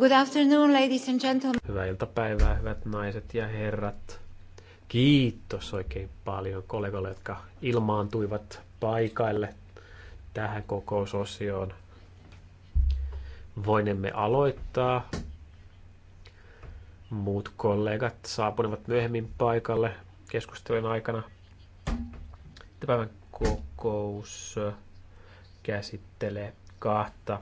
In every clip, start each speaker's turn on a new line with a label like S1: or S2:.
S1: Good afternoon, ladies and gentlemen.
S2: Hyvää iltapäivää, hyvät naiset ja herrat. Kiitos oikein paljon kollegoille, jotka ilmaantuivat paikalle tähän kokousosioon. Voinemme aloittaa. Muut kollegat saapunevat myöhemmin paikalle keskustelun aikana. Tämän päivän kokous käsittelee kahta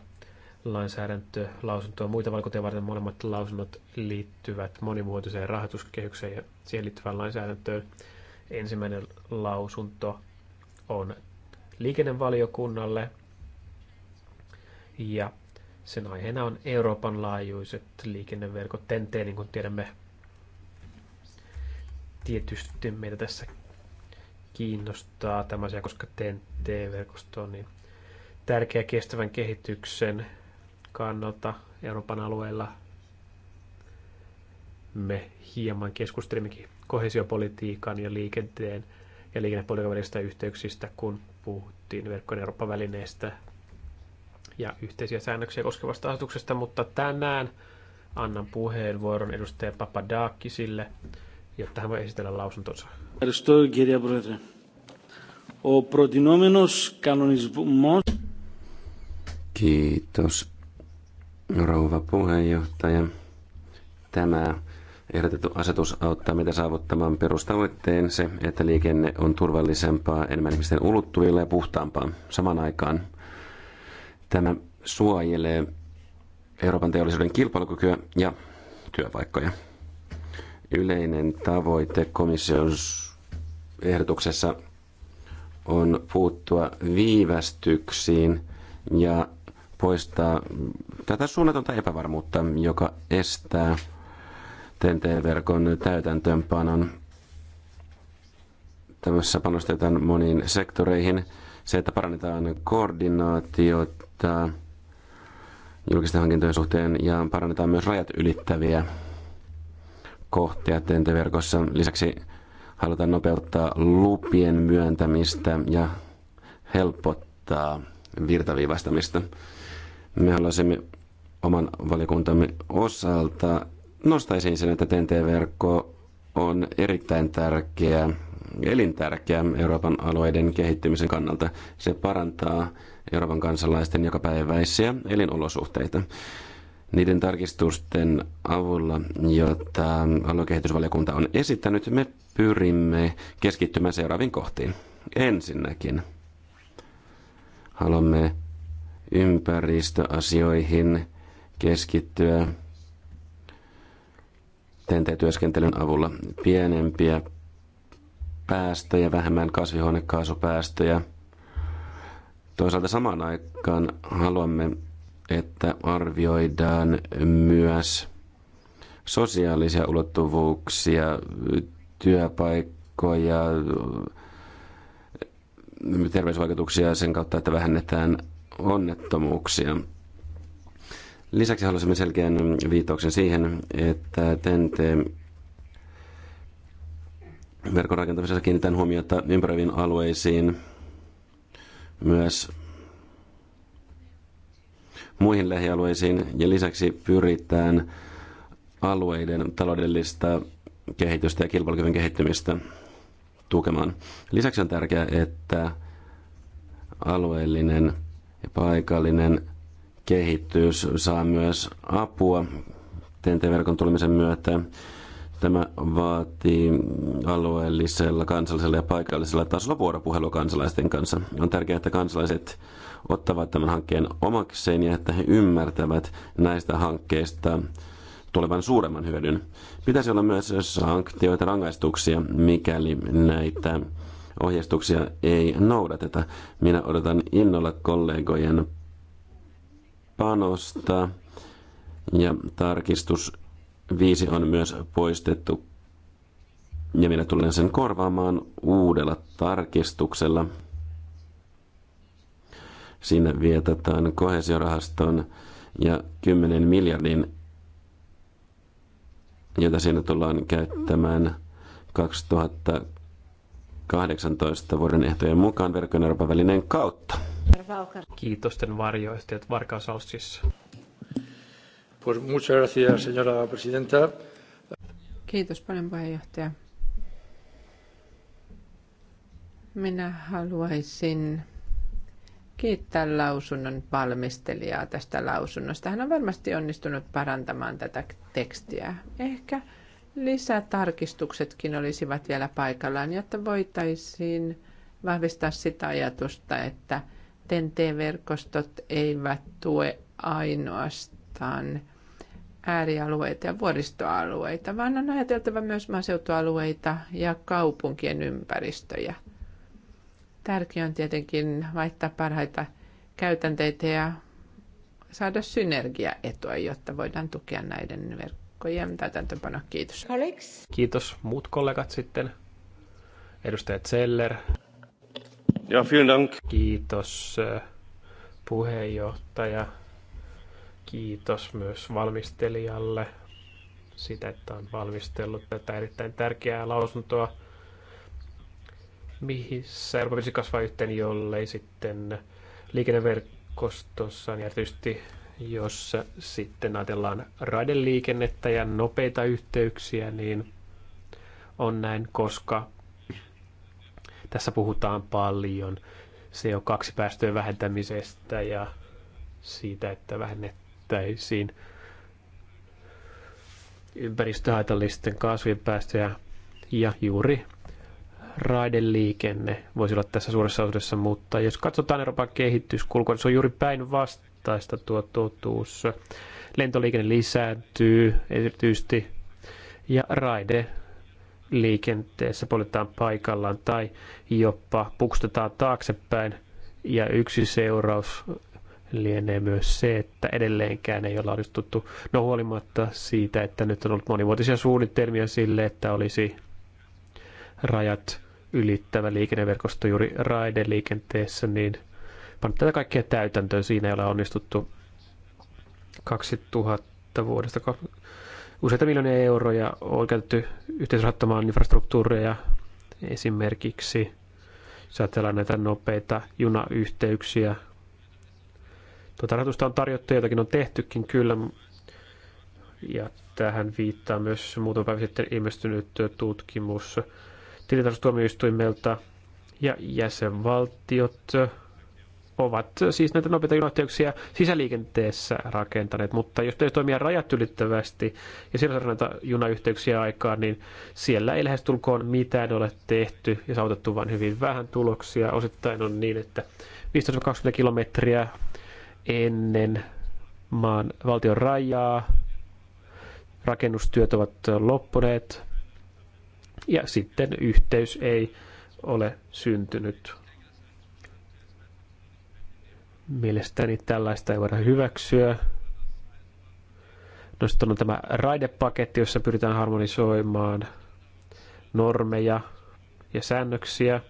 S2: lainsäädäntölausuntoa muita vaikutuksia varten molemmat lausunnot liittyvät monimuotoiseen rahoituskehykseen ja siihen liittyvään lainsäädäntöön. Ensimmäinen lausunto on liikennevaliokunnalle ja sen aiheena on Euroopan laajuiset liikenneverkot TNT, niin kuin tiedämme. Tietysti meitä tässä kiinnostaa tämä asia, koska TNT-verkosto on niin tärkeä kestävän kehityksen kannalta Euroopan alueella. Me hieman keskustelimmekin kohesiopolitiikan ja liikenteen ja liikennepolitiikan välisistä yhteyksistä, kun puhuttiin verkkojen Euroopan välineestä ja yhteisiä säännöksiä koskevasta asetuksesta, mutta tänään annan puheenvuoron edustaja Papadakisille, jotta hän voi esitellä lausuntonsa.
S3: Kiitos rouva puheenjohtaja. Tämä ehdotettu asetus auttaa meitä saavuttamaan perustavoitteen se, että liikenne on turvallisempaa, enemmän ihmisten ulottuvilla ja puhtaampaa saman aikaan. Tämä suojelee Euroopan teollisuuden kilpailukykyä ja työpaikkoja. Yleinen tavoite komission ehdotuksessa on puuttua viivästyksiin ja poistaa tätä suunnatonta epävarmuutta, joka estää TNT-verkon täytäntöönpanon. Tämässä panostetaan moniin sektoreihin. Se, että parannetaan koordinaatiota julkisten hankintojen suhteen ja parannetaan myös rajat ylittäviä kohtia TNT-verkossa. Lisäksi halutaan nopeuttaa lupien myöntämistä ja helpottaa virtaviivastamista. Me haluaisimme oman valikuntamme osalta nostaisin sen, että TNT-verkko on erittäin tärkeä, elintärkeä Euroopan alueiden kehittymisen kannalta. Se parantaa Euroopan kansalaisten jokapäiväisiä elinolosuhteita. Niiden tarkistusten avulla, joita aluekehitysvaliokunta on esittänyt, me pyrimme keskittymään seuraaviin kohtiin. Ensinnäkin haluamme ympäristöasioihin keskittyä tenteetyöskentelyn avulla pienempiä päästöjä, vähemmän kasvihuonekaasupäästöjä. Toisaalta samaan aikaan haluamme, että arvioidaan myös sosiaalisia ulottuvuuksia, työpaikkoja, terveysvaikutuksia sen kautta, että vähennetään onnettomuuksia. Lisäksi haluaisimme selkeän viitauksen siihen, että TNT verkon rakentamisessa kiinnitetään huomiota ympäröiviin alueisiin, myös muihin lähialueisiin ja lisäksi pyritään alueiden taloudellista kehitystä ja kilpailukyvyn kehittymistä tukemaan. Lisäksi on tärkeää, että alueellinen ja paikallinen kehitys saa myös apua TNT-verkon tulemisen myötä. Tämä vaatii alueellisella, kansallisella ja paikallisella tasolla vuoropuhelua kansalaisten kanssa. On tärkeää, että kansalaiset ottavat tämän hankkeen omakseen ja että he ymmärtävät näistä hankkeista tulevan suuremman hyödyn. Pitäisi olla myös sanktioita, rangaistuksia, mikäli näitä ohjeistuksia ei noudateta. Minä odotan innolla kollegojen panosta ja tarkistus 5 on myös poistettu ja minä tulen sen korvaamaan uudella tarkistuksella. Siinä vietetään kohesiorahaston ja 10 miljardin, jota siinä tullaan käyttämään 2000 18 vuoden ehtojen mukaan verkkojen Euroopan välineen kautta.
S2: Kiitosten varjoistajat Varkausaustissa. Pues
S3: muchas gracias, señora presidenta.
S1: Kiitos paljon puheenjohtaja. Minä haluaisin kiittää lausunnon valmistelijaa tästä lausunnosta. Hän on varmasti onnistunut parantamaan tätä tekstiä. Ehkä lisätarkistuksetkin olisivat vielä paikallaan, jotta voitaisiin vahvistaa sitä ajatusta, että TNT-verkostot eivät tue ainoastaan äärialueita ja vuoristoalueita, vaan on ajateltava myös maaseutualueita ja kaupunkien ympäristöjä. Tärkeää on tietenkin vaihtaa parhaita käytänteitä ja saada synergiaetua, jotta voidaan tukea näiden verkkojen tiukkojen täytäntöpano. Kiitos. Alex.
S2: Kiitos muut kollegat sitten. Edustaja Zeller. Ja, vielen dank. Kiitos äh, puheenjohtaja. Kiitos myös valmistelijalle sitä, että on valmistellut tätä erittäin tärkeää lausuntoa, missä Euroopan kasvaa yhteen, jollei sitten liikenneverkostossa, niin erityisesti jos sitten ajatellaan raideliikennettä ja nopeita yhteyksiä, niin on näin, koska tässä puhutaan paljon CO2-päästöjen vähentämisestä ja siitä, että vähennettäisiin ympäristöhaitallisten kaasujen päästöjä ja juuri raideliikenne voisi olla tässä suuressa osuudessa, mutta jos katsotaan Euroopan kehityskulkua, niin se on juuri päinvastoin yksinkertaista tuo totuus. Lentoliikenne lisääntyy erityisesti ja raide liikenteessä poljetaan paikallaan tai jopa pukstetaan taaksepäin. Ja yksi seuraus lienee myös se, että edelleenkään ei ole onnistuttu, no huolimatta siitä, että nyt on ollut monivuotisia suunnitelmia sille, että olisi rajat ylittävä liikenneverkosto juuri raideliikenteessä, niin – panna tätä kaikkea täytäntöön. Siinä ei ole onnistuttu 2000 vuodesta useita miljoonia euroja on käytetty yhteisrahoittamaan infrastruktuuria esimerkiksi, jos ajatellaan näitä nopeita junayhteyksiä. Tuota rahoitusta on tarjottu, jotakin on tehtykin kyllä, ja tähän viittaa myös muutama päivä sitten ilmestynyt tutkimus tilintarkastustuomioistuimelta ja jäsenvaltiot ovat siis näitä nopeita junayhteyksiä sisäliikenteessä rakentaneet, mutta jos pitäisi toimia rajat ylittävästi ja siellä saada näitä junayhteyksiä aikaan, niin siellä ei lähestulkoon mitään ole tehty ja saavutettu vain hyvin vähän tuloksia. Osittain on niin, että 15-20 kilometriä ennen maan valtion rajaa rakennustyöt ovat loppuneet ja sitten yhteys ei ole syntynyt. Mielestäni tällaista ei voida hyväksyä. No sitten on tämä raidepaketti, jossa pyritään harmonisoimaan normeja ja säännöksiä.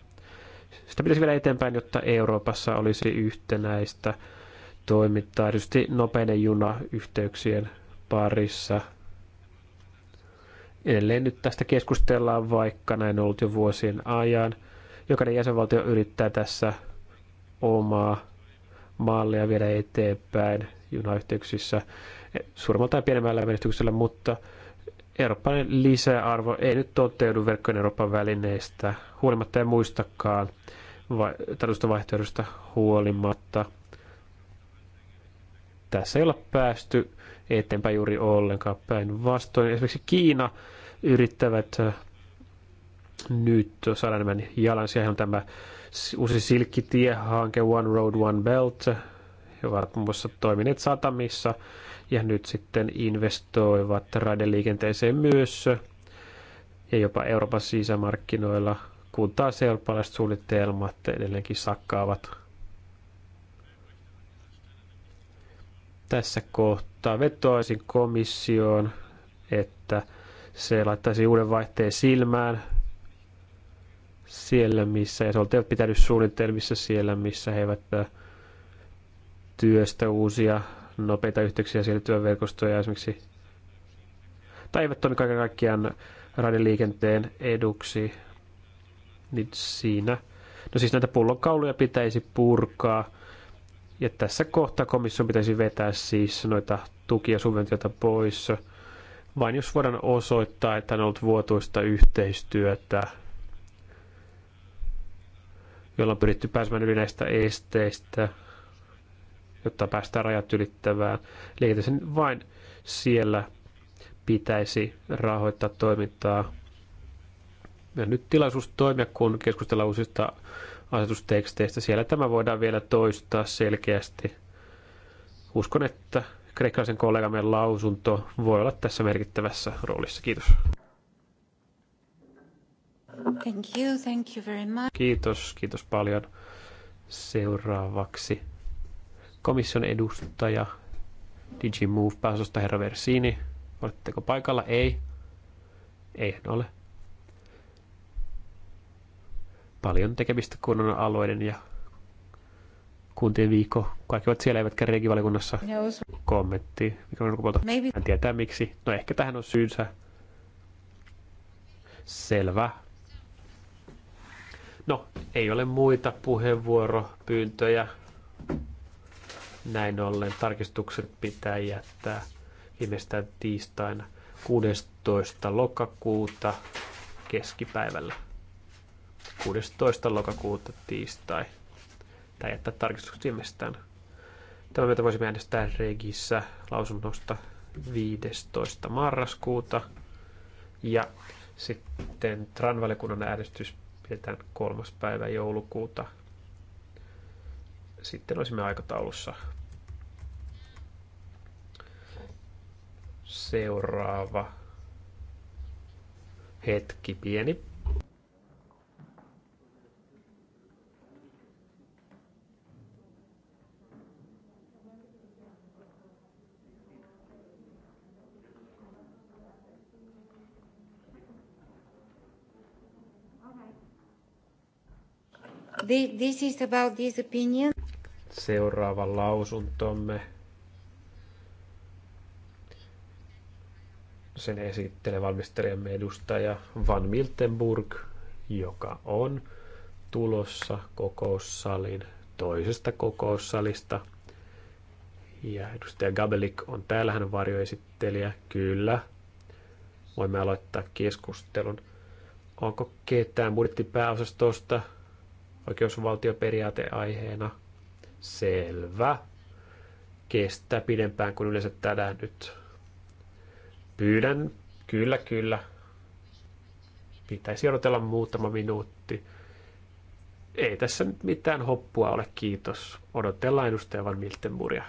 S2: Sitä pitäisi vielä eteenpäin, jotta Euroopassa olisi yhtenäistä toimintaa, erityisesti nopeiden junayhteyksien parissa. Edelleen nyt tästä keskustellaan, vaikka näin on ollut jo vuosien ajan. Jokainen jäsenvaltio yrittää tässä omaa malleja viedä eteenpäin junayhteyksissä suuremmalla tai pienemmällä menestyksellä, mutta eurooppalainen lisäarvo ei nyt toteudu verkkojen Euroopan välineistä huolimatta ja muistakaan vai, vaihtoehdosta huolimatta. Tässä ei olla päästy eteenpäin juuri ollenkaan päinvastoin. Esimerkiksi Kiina yrittävät äh, nyt saada enemmän jalansia. on tämä uusi silkkitiehanke One Road, One Belt, he ovat muun muassa toimineet satamissa ja nyt sitten investoivat raideliikenteeseen myös ja jopa Euroopan sisämarkkinoilla, kun taas eurooppalaiset suunnitelmat edelleenkin sakkaavat. Tässä kohtaa vetoaisin komissioon, että se laittaisi uuden vaihteen silmään siellä, missä ja eivät pitänyt suunnitelmissa siellä, missä he eivät äh, työstä uusia nopeita yhteyksiä siellä työverkostoja esimerkiksi, tai eivät toimi kaiken kaikkiaan raideliikenteen eduksi, niin siinä. No siis näitä pullonkauluja pitäisi purkaa, ja tässä kohtaa komission pitäisi vetää siis noita tukia subventioita pois, vain jos voidaan osoittaa, että on ollut vuotuista yhteistyötä jolla on pyritty pääsemään yli näistä esteistä, jotta päästään rajat ylittävään liikenteeseen. Vain siellä pitäisi rahoittaa toimintaa. Ja nyt tilaisuus toimia, kun keskustellaan uusista asetusteksteistä. Siellä tämä voidaan vielä toistaa selkeästi. Uskon, että kreikkalaisen kollegamme lausunto voi olla tässä merkittävässä roolissa. Kiitos.
S1: Thank you, thank you very much.
S2: Kiitos, kiitos paljon. Seuraavaksi komission edustaja Digimove pääsosta herra Versini. Oletteko paikalla? Ei. Eihän ole. Paljon tekemistä kunnan alueiden ja kuntien viikko. Kaikki ovat siellä eivätkä regivalikunnassa. Kommentti. Mikä on ulkopuolta? Hän tietää miksi. No ehkä tähän on syynsä. Selvä. No, ei ole muita puheenvuoropyyntöjä. Näin ollen tarkistukset pitää jättää viimeistään tiistaina 16. lokakuuta keskipäivällä. 16. lokakuuta tiistai. Tai jättää tarkistukset viimeistään. Tämä myötä voisimme äänestää Regissä lausunnosta 15. marraskuuta. Ja sitten Tran-valiokunnan äänestys pidetään kolmas päivä joulukuuta. Sitten olisimme aikataulussa. Seuraava hetki pieni.
S3: This is about this opinion.
S2: Seuraava lausuntomme. Sen esittelee valmistelijamme edustaja Van Miltenburg, joka on tulossa kokoussalin toisesta kokoussalista. Ja edustaja Gabelik on täällä hän varjoesittelijä. Kyllä. Voimme aloittaa keskustelun. Onko ketään budjettipääosastosta? oikeusvaltioperiaate aiheena. Selvä. Kestää pidempään kuin yleensä tänään nyt. Pyydän. Kyllä, kyllä. Pitäisi odotella muutama minuutti. Ei tässä nyt mitään hoppua ole, kiitos. Odotellaan edustaja Miltenburia.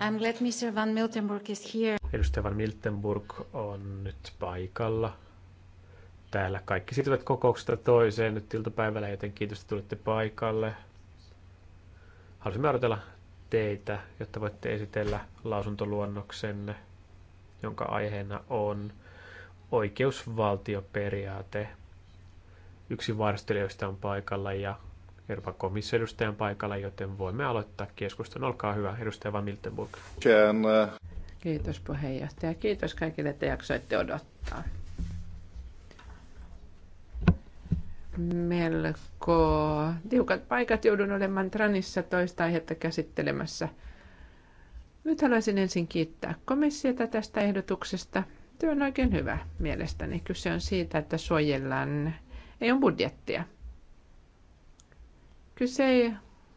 S3: I'm glad Mr. Van Miltenburg is here.
S2: Edustaja Van Miltenburg on nyt paikalla. Täällä kaikki siirtyvät kokouksesta toiseen nyt iltapäivällä, joten kiitos, että tulitte paikalle. Haluaisimme odotella teitä, jotta voitte esitellä lausuntoluonnoksenne, jonka aiheena on oikeusvaltioperiaate. Yksi varstelijoista on paikalla ja Euroopan komission edustajan paikalla, joten voimme aloittaa keskustelun. Olkaa hyvä, edustaja Van Miltenburg. Uh,
S1: Kiitos puheenjohtaja. Kiitos kaikille, että jaksoitte odottaa. Melko tiukat paikat joudun olemaan Tranissa toista aihetta käsittelemässä. Nyt haluaisin ensin kiittää komissiota tästä ehdotuksesta. Työ on oikein hyvä mielestäni. Kyse on siitä, että suojellaan ei on budjettia – Kyse ei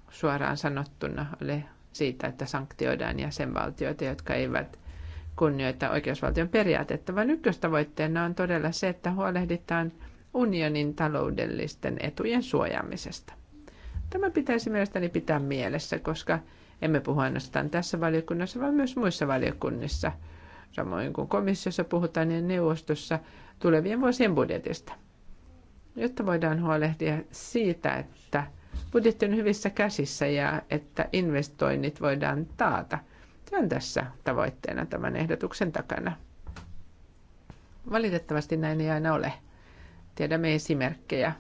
S1: suoraan sanottuna ole siitä, että sanktioidaan jäsenvaltioita, jotka eivät kunnioita oikeusvaltion periaatetta, vaan ykköstavoitteena on todella se, että huolehditaan unionin taloudellisten etujen suojaamisesta. Tämä pitäisi mielestäni pitää mielessä, koska emme puhu ainoastaan tässä valiokunnassa, vaan myös muissa valiokunnissa. Samoin kuin komissiossa puhutaan ja neuvostossa tulevien vuosien budjetista. Jotta voidaan huolehtia siitä, että budjetti on hyvissä käsissä ja että investoinnit voidaan taata. Se on tässä tavoitteena tämän ehdotuksen takana. Valitettavasti näin ei aina ole. Tiedämme esimerkkejä.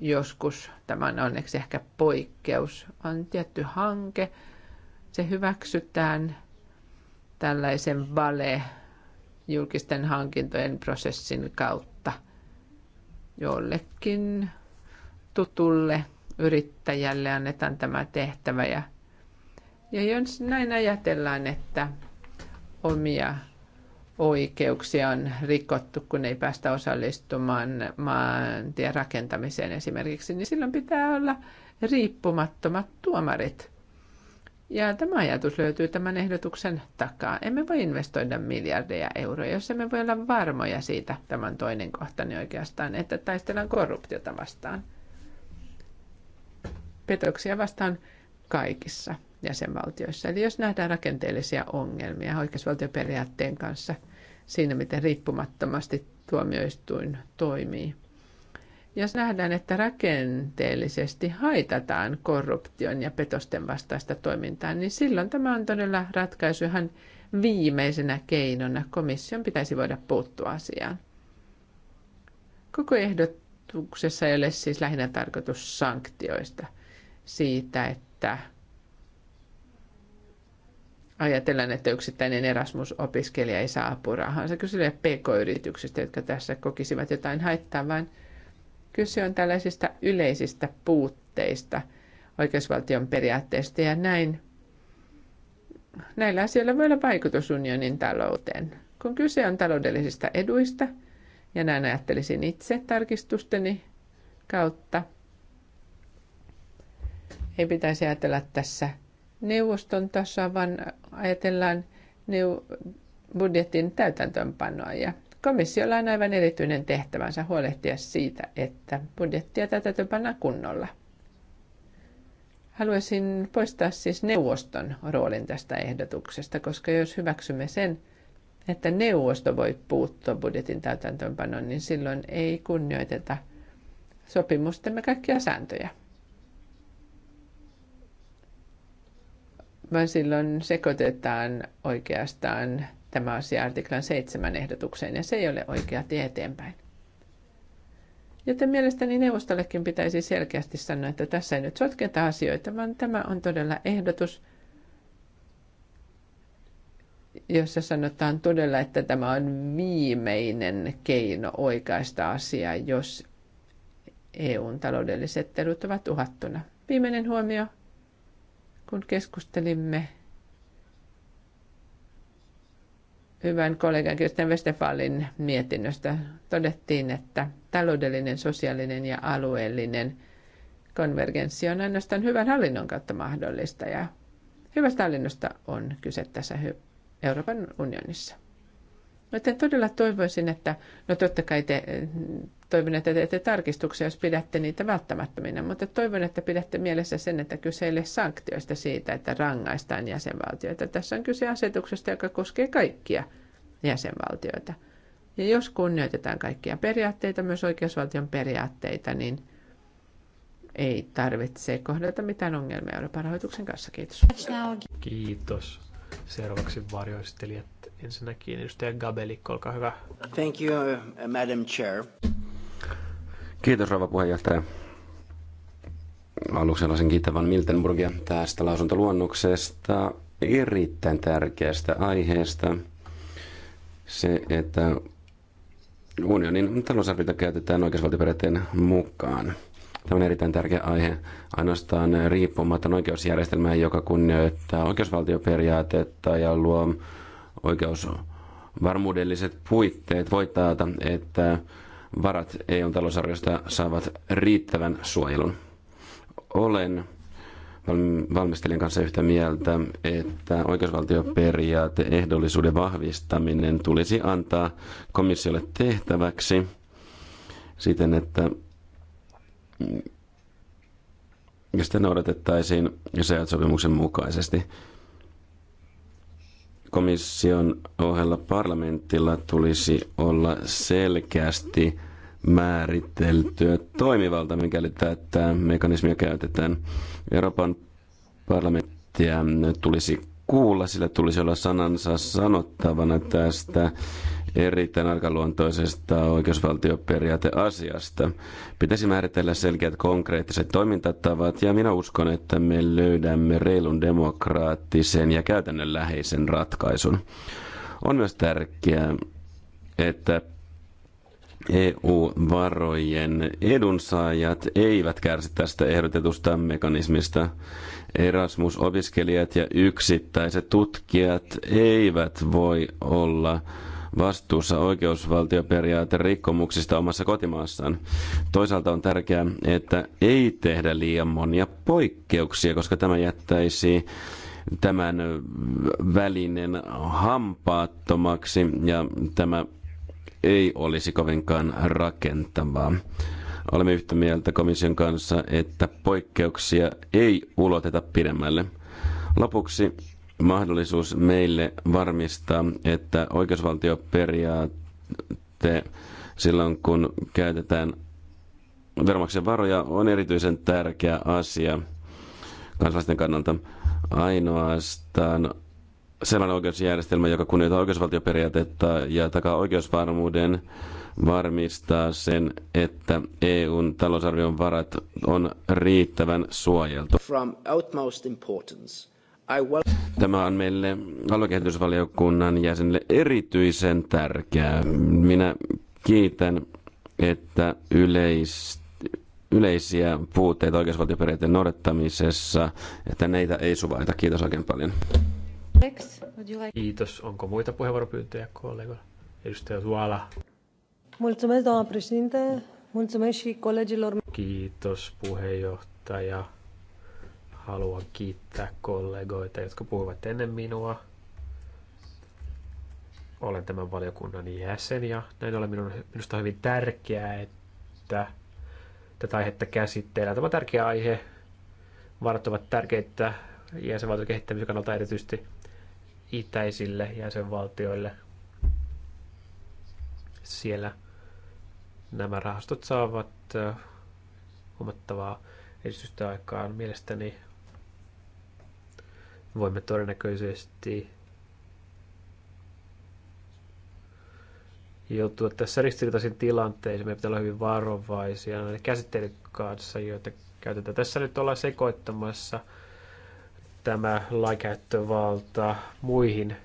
S1: Joskus, tämä on onneksi ehkä poikkeus, on tietty hanke. Se hyväksytään tällaisen vale julkisten hankintojen prosessin kautta jollekin tutulle yrittäjälle annetaan tämä tehtävä. Ja, ja jos näin ajatellaan, että omia oikeuksia on rikottu, kun ei päästä osallistumaan maantien rakentamiseen esimerkiksi, niin silloin pitää olla riippumattomat tuomarit. Ja tämä ajatus löytyy tämän ehdotuksen takaa. Emme voi investoida miljardeja euroja, jos emme voi olla varmoja siitä, tämän toinen kohtani niin oikeastaan, että taistellaan korruptiota vastaan – petoksia vastaan kaikissa jäsenvaltioissa. Eli jos nähdään rakenteellisia ongelmia oikeusvaltioperiaatteen kanssa siinä, miten riippumattomasti tuomioistuin toimii. Jos nähdään, että rakenteellisesti haitataan korruption ja petosten vastaista toimintaa, niin silloin tämä on todella ratkaisu ihan viimeisenä keinona. Komission pitäisi voida puuttua asiaan. Koko ehdotuksessa ei ole siis lähinnä tarkoitus sanktioista – siitä, että ajatellaan, että yksittäinen Erasmus-opiskelija ei saa apurahansa. Kyse ei pk-yrityksistä, jotka tässä kokisivat jotain haittaa, vaan kyse on tällaisista yleisistä puutteista oikeusvaltion periaatteista ja näin. Näillä asioilla voi olla vaikutus unionin talouteen. Kun kyse on taloudellisista eduista, ja näin ajattelisin itse tarkistusteni kautta – ei pitäisi ajatella tässä neuvoston tasoa, vaan ajatellaan neu- budjetin täytäntöönpanoa. Ja komissiolla on aivan erityinen tehtävänsä huolehtia siitä, että budjettia täytäntöönpannaan kunnolla. Haluaisin poistaa siis neuvoston roolin tästä ehdotuksesta, koska jos hyväksymme sen, että neuvosto voi puuttua budjetin täytäntöönpanoon, niin silloin ei kunnioiteta sopimustemme kaikkia sääntöjä. vaan silloin sekoitetaan oikeastaan tämä asia artiklan seitsemän ehdotukseen, ja se ei ole oikea tie eteenpäin. Joten mielestäni neuvostollekin pitäisi selkeästi sanoa, että tässä ei nyt sotketa asioita, vaan tämä on todella ehdotus, jossa sanotaan todella, että tämä on viimeinen keino oikaista asiaa, jos EUn taloudelliset edut ovat uhattuna. Viimeinen huomio kun keskustelimme hyvän kollegan Kirsten Westfalin mietinnöstä, todettiin, että taloudellinen, sosiaalinen ja alueellinen konvergenssi on ainoastaan hyvän hallinnon kautta mahdollista ja hyvästä hallinnosta on kyse tässä Euroopan unionissa. Joten no, todella toivoisin, että no totta kai te toivon, että teette tarkistuksia, jos pidätte niitä välttämättöminä, mutta toivon, että pidätte mielessä sen, että kyse ei ole sanktioista siitä, että rangaistaan jäsenvaltioita. Tässä on kyse asetuksesta, joka koskee kaikkia jäsenvaltioita. Ja jos kunnioitetaan kaikkia periaatteita, myös oikeusvaltion periaatteita, niin ei tarvitse kohdata mitään ongelmia Euroopan rahoituksen kanssa. Kiitos.
S2: Kiitos. Seuraavaksi varjoistelijat Ensinnäkin edustaja Gabelik, olkaa hyvä.
S4: Thank you, uh, Madam Chair.
S3: Kiitos, rouva puheenjohtaja. Aluksi haluaisin kiittää Van Miltenburgia tästä lausuntoluonnoksesta, erittäin tärkeästä aiheesta. Se, että unionin talousarviota käytetään oikeusvaltioperiaatteen mukaan. Tämä on erittäin tärkeä aihe. Ainoastaan riippumaton oikeusjärjestelmää, joka kunnioittaa oikeusvaltioperiaatetta ja luo Oikeus varmuudelliset puitteet voi taata, että varat EUn talousarviosta saavat riittävän suojelun. Olen valmistelijan kanssa yhtä mieltä, että oikeusvaltioperiaate ehdollisuuden vahvistaminen tulisi antaa komissiolle tehtäväksi siten, että mm, sitä noudatettaisiin sopimuksen mukaisesti komission ohella parlamentilla tulisi olla selkeästi määriteltyä toimivalta, mikäli tätä mekanismia käytetään. Euroopan parlamenttia tulisi kuulla, sillä tulisi olla sanansa sanottavana tästä erittäin arkaluontoisesta oikeusvaltioperiaateasiasta. Pitäisi määritellä selkeät konkreettiset toimintatavat ja minä uskon, että me löydämme reilun demokraattisen ja käytännönläheisen ratkaisun. On myös tärkeää, että EU-varojen edunsaajat eivät kärsi tästä ehdotetusta mekanismista. Erasmus-opiskelijat ja yksittäiset tutkijat eivät voi olla vastuussa rikkomuksista omassa kotimaassaan. Toisaalta on tärkeää, että ei tehdä liian monia poikkeuksia, koska tämä jättäisi tämän välinen hampaattomaksi ja tämä ei olisi kovinkaan rakentavaa. Olemme yhtä mieltä komission kanssa, että poikkeuksia ei uloteta pidemmälle. Lopuksi mahdollisuus meille varmistaa, että oikeusvaltioperiaate silloin, kun käytetään veronmaksajan varoja, on erityisen tärkeä asia kansalaisten kannalta. Ainoastaan sellainen oikeusjärjestelmä, joka kunnioittaa oikeusvaltioperiaatetta ja takaa oikeusvarmuuden, varmistaa sen, että EUn talousarvion varat on riittävän suojeltu.
S1: From utmost importance
S3: Tämä on meille aluekehitysvaliokunnan jäsenille erityisen tärkeää. Minä kiitän, että yleisiä puutteita oikeusvaltioperiaatteen noudattamisessa, että neitä ei suvaita. Kiitos oikein paljon.
S2: Kiitos. Onko muita puheenvuoropyyntöjä kollegoilla? Edustaja Suola. Kiitos puheenjohtaja haluan kiittää kollegoita, jotka puhuvat ennen minua. Olen tämän valiokunnan jäsen ja näin ollen minun, minusta on hyvin tärkeää, että tätä aihetta käsitteellä. Tämä on tärkeä aihe. Varat ovat tärkeitä jäsenvaltion kehittämisen kannalta erityisesti itäisille jäsenvaltioille. Siellä nämä rahastot saavat äh, huomattavaa edistystä aikaan. Mielestäni voimme todennäköisesti joutua tässä ristiriitaisiin tilanteisiin. Meidän pitää olla hyvin varovaisia näiden käsitteiden kanssa, joita käytetään. Tässä nyt ollaan sekoittamassa tämä lainkäyttövalta muihin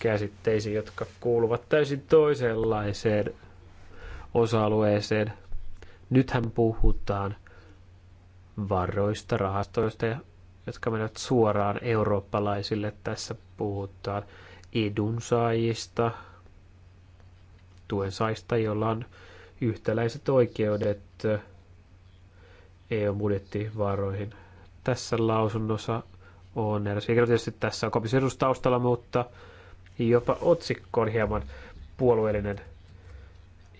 S2: käsitteisiin, jotka kuuluvat täysin toisenlaiseen osa-alueeseen. Nythän puhutaan varoista, rahastoista ja jotka menevät suoraan eurooppalaisille. Tässä puhutaan edunsaajista, tuensaajista, joilla on yhtäläiset oikeudet EU-budjettivaroihin. Tässä lausunnossa on eräs tietysti tässä on komission taustalla, mutta jopa otsikko on hieman puolueellinen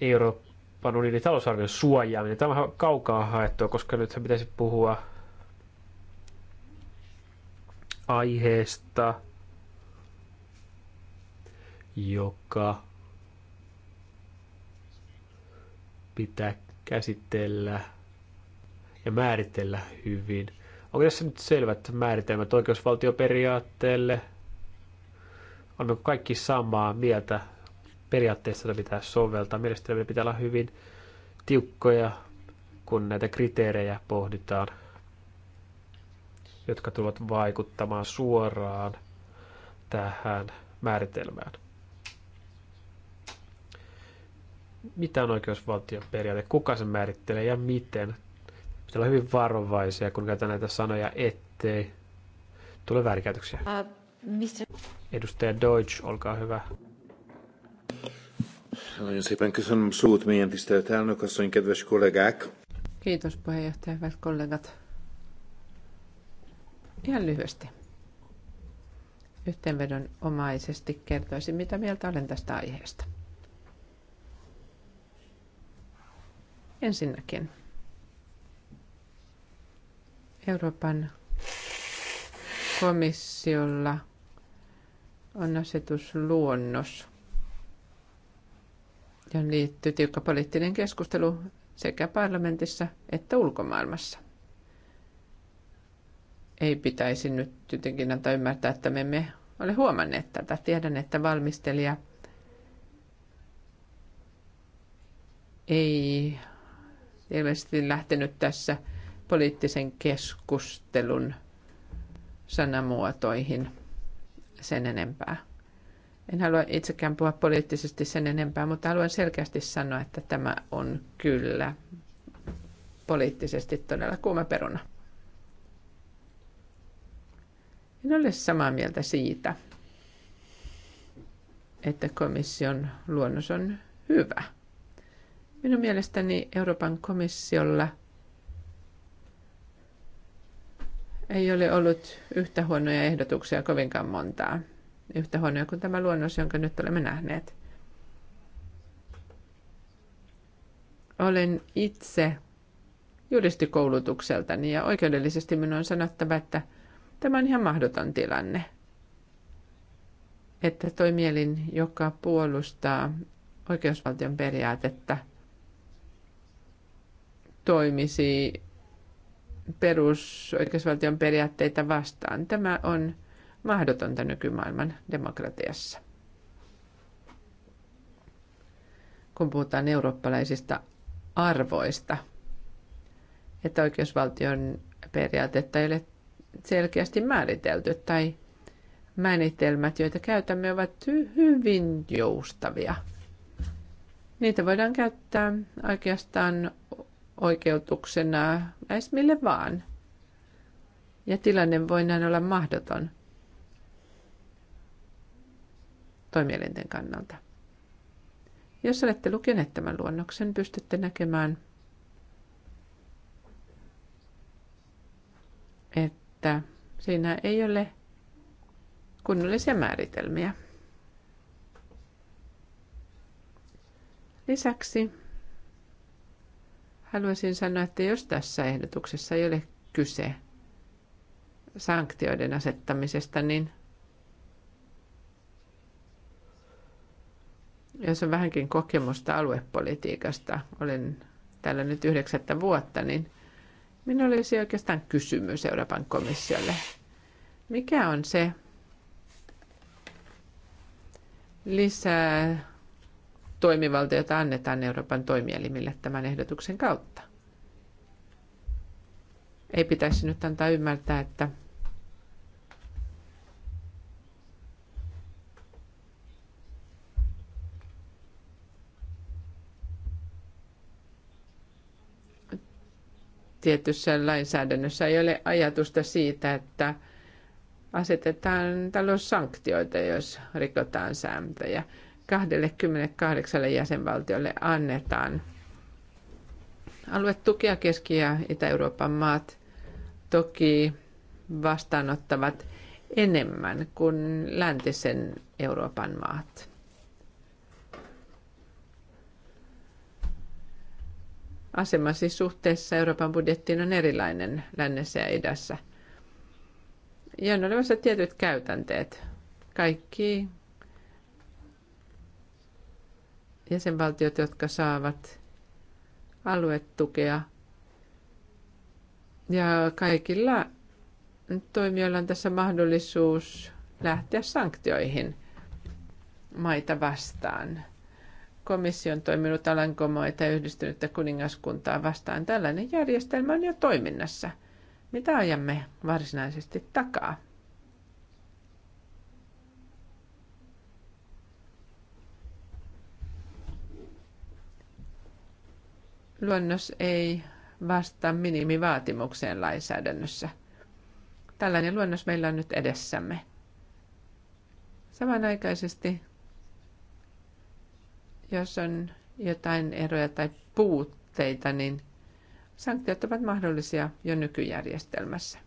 S2: Euroopan unionin talousarvion suojaaminen. Tämä on kaukaa haettua, koska nyt pitäisi puhua aiheesta, joka pitää käsitellä ja määritellä hyvin. Onko tässä nyt selvät määritelmät oikeusvaltioperiaatteelle? Onko kaikki samaa mieltä periaatteessa, jota pitää soveltaa? Mielestäni pitää olla hyvin tiukkoja, kun näitä kriteerejä pohditaan jotka tulevat vaikuttamaan suoraan tähän määritelmään. Mitä on oikeusvaltion periaate, kuka se määrittelee ja miten. Pitää olla hyvin varovaisia, kun käytetään näitä sanoja, ettei tule väärinkäytöksiä. Uh,
S4: äh, mister...
S2: Edustaja Deutsch, olkaa hyvä.
S3: Nagyon szépen köszönöm szót, mélyen tisztelt elnök kedves
S1: Kiitos puheenjohtaja, hyvät kollegat. Ihan lyhyesti. Yhteenvedonomaisesti kertoisin, mitä mieltä olen tästä aiheesta. Ensinnäkin Euroopan komissiolla on asetusluonnos, johon liittyy tiukka poliittinen keskustelu sekä parlamentissa että ulkomaailmassa – ei pitäisi nyt jotenkin antaa ymmärtää, että me emme ole huomanneet tätä. Tiedän, että valmistelija ei ilmeisesti lähtenyt tässä poliittisen keskustelun sanamuotoihin sen enempää. En halua itsekään puhua poliittisesti sen enempää, mutta haluan selkeästi sanoa, että tämä on kyllä poliittisesti todella kuuma peruna. En ole samaa mieltä siitä, että komission luonnos on hyvä. Minun mielestäni Euroopan komissiolla ei ole ollut yhtä huonoja ehdotuksia kovinkaan montaa. Yhtä huonoja kuin tämä luonnos, jonka nyt olemme nähneet. Olen itse juristikoulutukseltani ja oikeudellisesti minun on sanottava, että – Tämä on ihan mahdoton tilanne, että toimielin, joka puolustaa oikeusvaltion periaatetta, toimisi perusoikeusvaltion periaatteita vastaan. Tämä on mahdotonta nykymaailman demokratiassa. Kun puhutaan eurooppalaisista arvoista, että oikeusvaltion periaatetta ei ole selkeästi määritelty tai määritelmät, joita käytämme, ovat hyvin joustavia. Niitä voidaan käyttää oikeastaan oikeutuksena lähes mille vaan. Ja tilanne voi näin olla mahdoton toimielinten kannalta. Jos olette lukeneet tämän luonnoksen, pystytte näkemään, että että siinä ei ole kunnollisia määritelmiä. Lisäksi haluaisin sanoa, että jos tässä ehdotuksessa ei ole kyse sanktioiden asettamisesta, niin jos on vähänkin kokemusta aluepolitiikasta, olen täällä nyt yhdeksättä vuotta, niin – Minulla olisi oikeastaan kysymys Euroopan komissiolle. Mikä on se lisää toimivalta, jota annetaan Euroopan toimielimille tämän ehdotuksen kautta? Ei pitäisi nyt antaa ymmärtää, että tietyssä lainsäädännössä ei ole ajatusta siitä, että asetetaan taloussanktioita, jos rikotaan sääntöjä. 28 jäsenvaltiolle annetaan aluetukea Keski- ja Itä-Euroopan maat toki vastaanottavat enemmän kuin läntisen Euroopan maat. asema siis suhteessa Euroopan budjettiin on erilainen lännessä ja idässä. Ja on olemassa tietyt käytänteet. Kaikki jäsenvaltiot, jotka saavat aluetukea. Ja kaikilla toimijoilla on tässä mahdollisuus lähteä sanktioihin maita vastaan komissio on toiminut Alankomaita ja yhdistynyttä kuningaskuntaa vastaan. Tällainen järjestelmä on jo toiminnassa. Mitä ajamme varsinaisesti takaa? Luonnos ei vastaa minimivaatimukseen lainsäädännössä. Tällainen luonnos meillä on nyt edessämme. Samanaikaisesti jos on jotain eroja tai puutteita, niin sanktiot ovat mahdollisia jo nykyjärjestelmässä.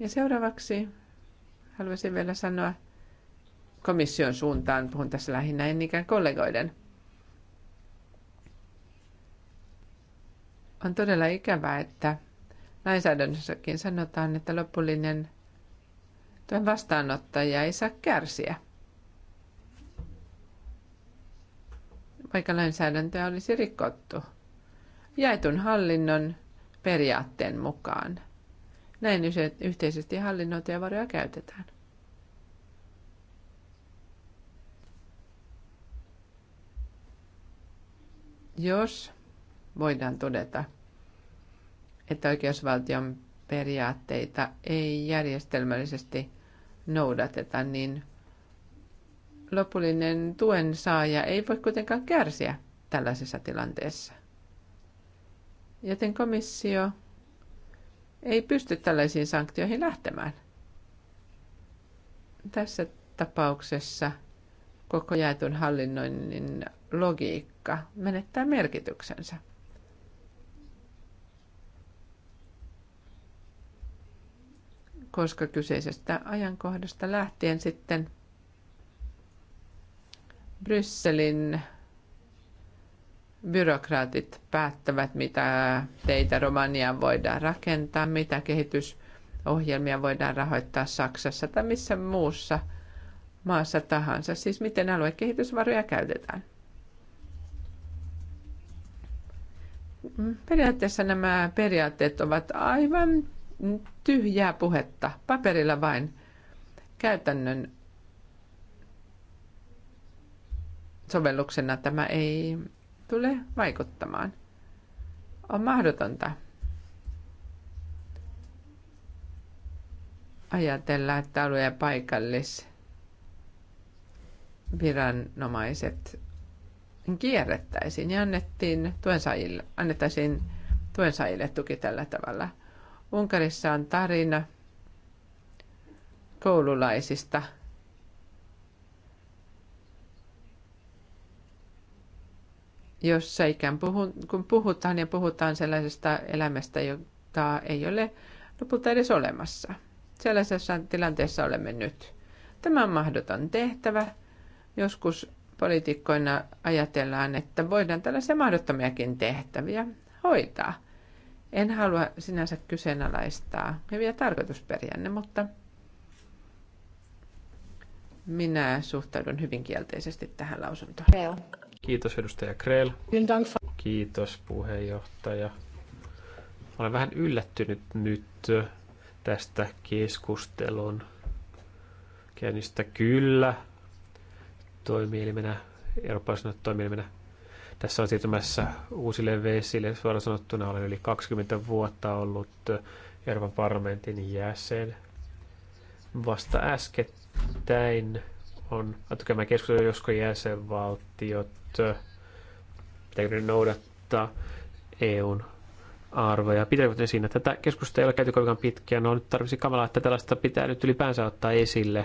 S1: Ja seuraavaksi haluaisin vielä sanoa komission suuntaan, puhun tässä lähinnä en ikään kollegoiden. On todella ikävää, että lainsäädännössäkin sanotaan, että lopullinen tuen vastaanottaja ei saa kärsiä. vaikka lainsäädäntöä olisi rikottu jaetun hallinnon periaatteen mukaan. Näin yhteisesti hallinnoituja varoja käytetään. Jos voidaan todeta, että oikeusvaltion periaatteita ei järjestelmällisesti noudateta, niin lopullinen tuen saaja ei voi kuitenkaan kärsiä tällaisessa tilanteessa. Joten komissio ei pysty tällaisiin sanktioihin lähtemään. Tässä tapauksessa koko jaetun hallinnoinnin logiikka menettää merkityksensä. Koska kyseisestä ajankohdasta lähtien sitten – Brysselin byrokraatit päättävät, mitä teitä Romaniaan voidaan rakentaa, mitä kehitysohjelmia voidaan rahoittaa Saksassa tai missä muussa maassa tahansa. Siis miten aluekehitysvaroja käytetään. Periaatteessa nämä periaatteet ovat aivan tyhjää puhetta, paperilla vain. Käytännön sovelluksena tämä ei tule vaikuttamaan. On mahdotonta ajatella, että alue- ja paikallisviranomaiset kierrettäisiin ja annettiin tuensaajille, annettaisiin tuensaajille tuki tällä tavalla. Unkarissa on tarina koululaisista – jos ikään puhun, kun puhutaan ja puhutaan sellaisesta elämästä, jota ei ole lopulta edes olemassa. Sellaisessa tilanteessa olemme nyt. Tämä on mahdoton tehtävä. Joskus poliitikkoina ajatellaan, että voidaan tällaisia mahdottomiakin tehtäviä hoitaa. En halua sinänsä kyseenalaistaa hyviä tarkoitusperiänne, mutta minä suhtaudun hyvin kielteisesti tähän lausuntoon.
S2: Kiitos edustaja Krell. Kiitos puheenjohtaja. Olen vähän yllättynyt nyt tästä keskustelun käynnistä. Kyllä, toimielimenä, eurooppalaisena toimielimenä. Tässä on siirtymässä uusille vesille. Suoraan sanottuna olen yli 20 vuotta ollut Euroopan parlamentin jäsen. Vasta äskettäin on että mä keskustelen josko jäsenvaltiot, äh, pitääkö ne noudattaa EUn arvoja. Pitääkö ne siinä? Tätä keskustelua ei ole käyty kovinkaan pitkään. No nyt tarvitsisi kamalaa, että tällaista pitää nyt ylipäänsä ottaa esille.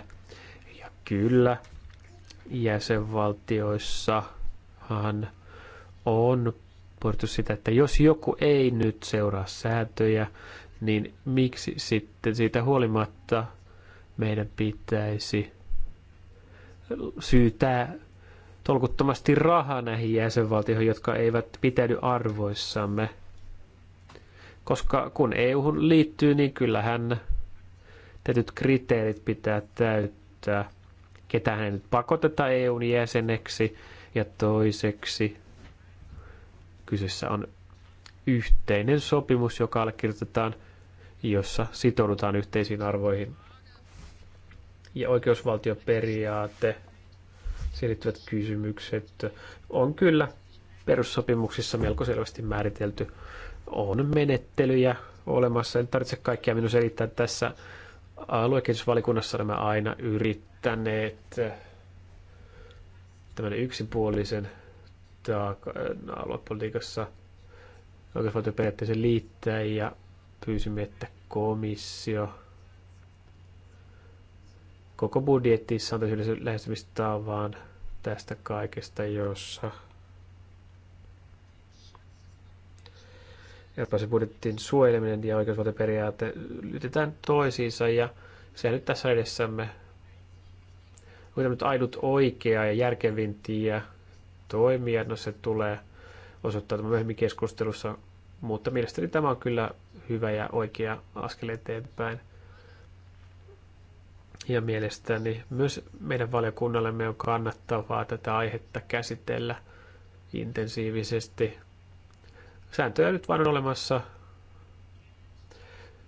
S2: Ja kyllä, jäsenvaltioissahan on puhuttu sitä, että jos joku ei nyt seuraa säätöjä, niin miksi sitten siitä huolimatta meidän pitäisi syytää tolkuttomasti rahaa näihin jäsenvaltioihin, jotka eivät pitäydy arvoissamme. Koska kun EU-hun liittyy, niin kyllähän tietyt kriteerit pitää täyttää. Ketään hän nyt pakoteta EUn jäseneksi ja toiseksi kyseessä on yhteinen sopimus, joka allekirjoitetaan, jossa sitoudutaan yhteisiin arvoihin – ja oikeusvaltioperiaate, siihen liittyvät kysymykset, on kyllä perussopimuksissa melko selvästi määritelty. On menettelyjä olemassa, en tarvitse kaikkia minun selittää tässä. Aluekehitysvalikunnassa olemme aina yrittäneet tämmöinen yksipuolisen äh, aluepolitiikassa oikeusvaltioperiaatteeseen liittää ja pyysimme, että komissio koko budjetissa on lähestymistavan tästä kaikesta, jossa eurooppalaisen budjetin suojeleminen ja oikeusvaltioperiaate liitetään toisiinsa ja se nyt tässä edessämme on nyt ainut oikea ja järkevin tie toimia, no se tulee osoittautumaan myöhemmin keskustelussa, mutta mielestäni tämä on kyllä hyvä ja oikea askel eteenpäin. Ja mielestäni myös meidän valiokunnallemme on kannattavaa tätä aihetta käsitellä intensiivisesti. Sääntöjä nyt vain on olemassa.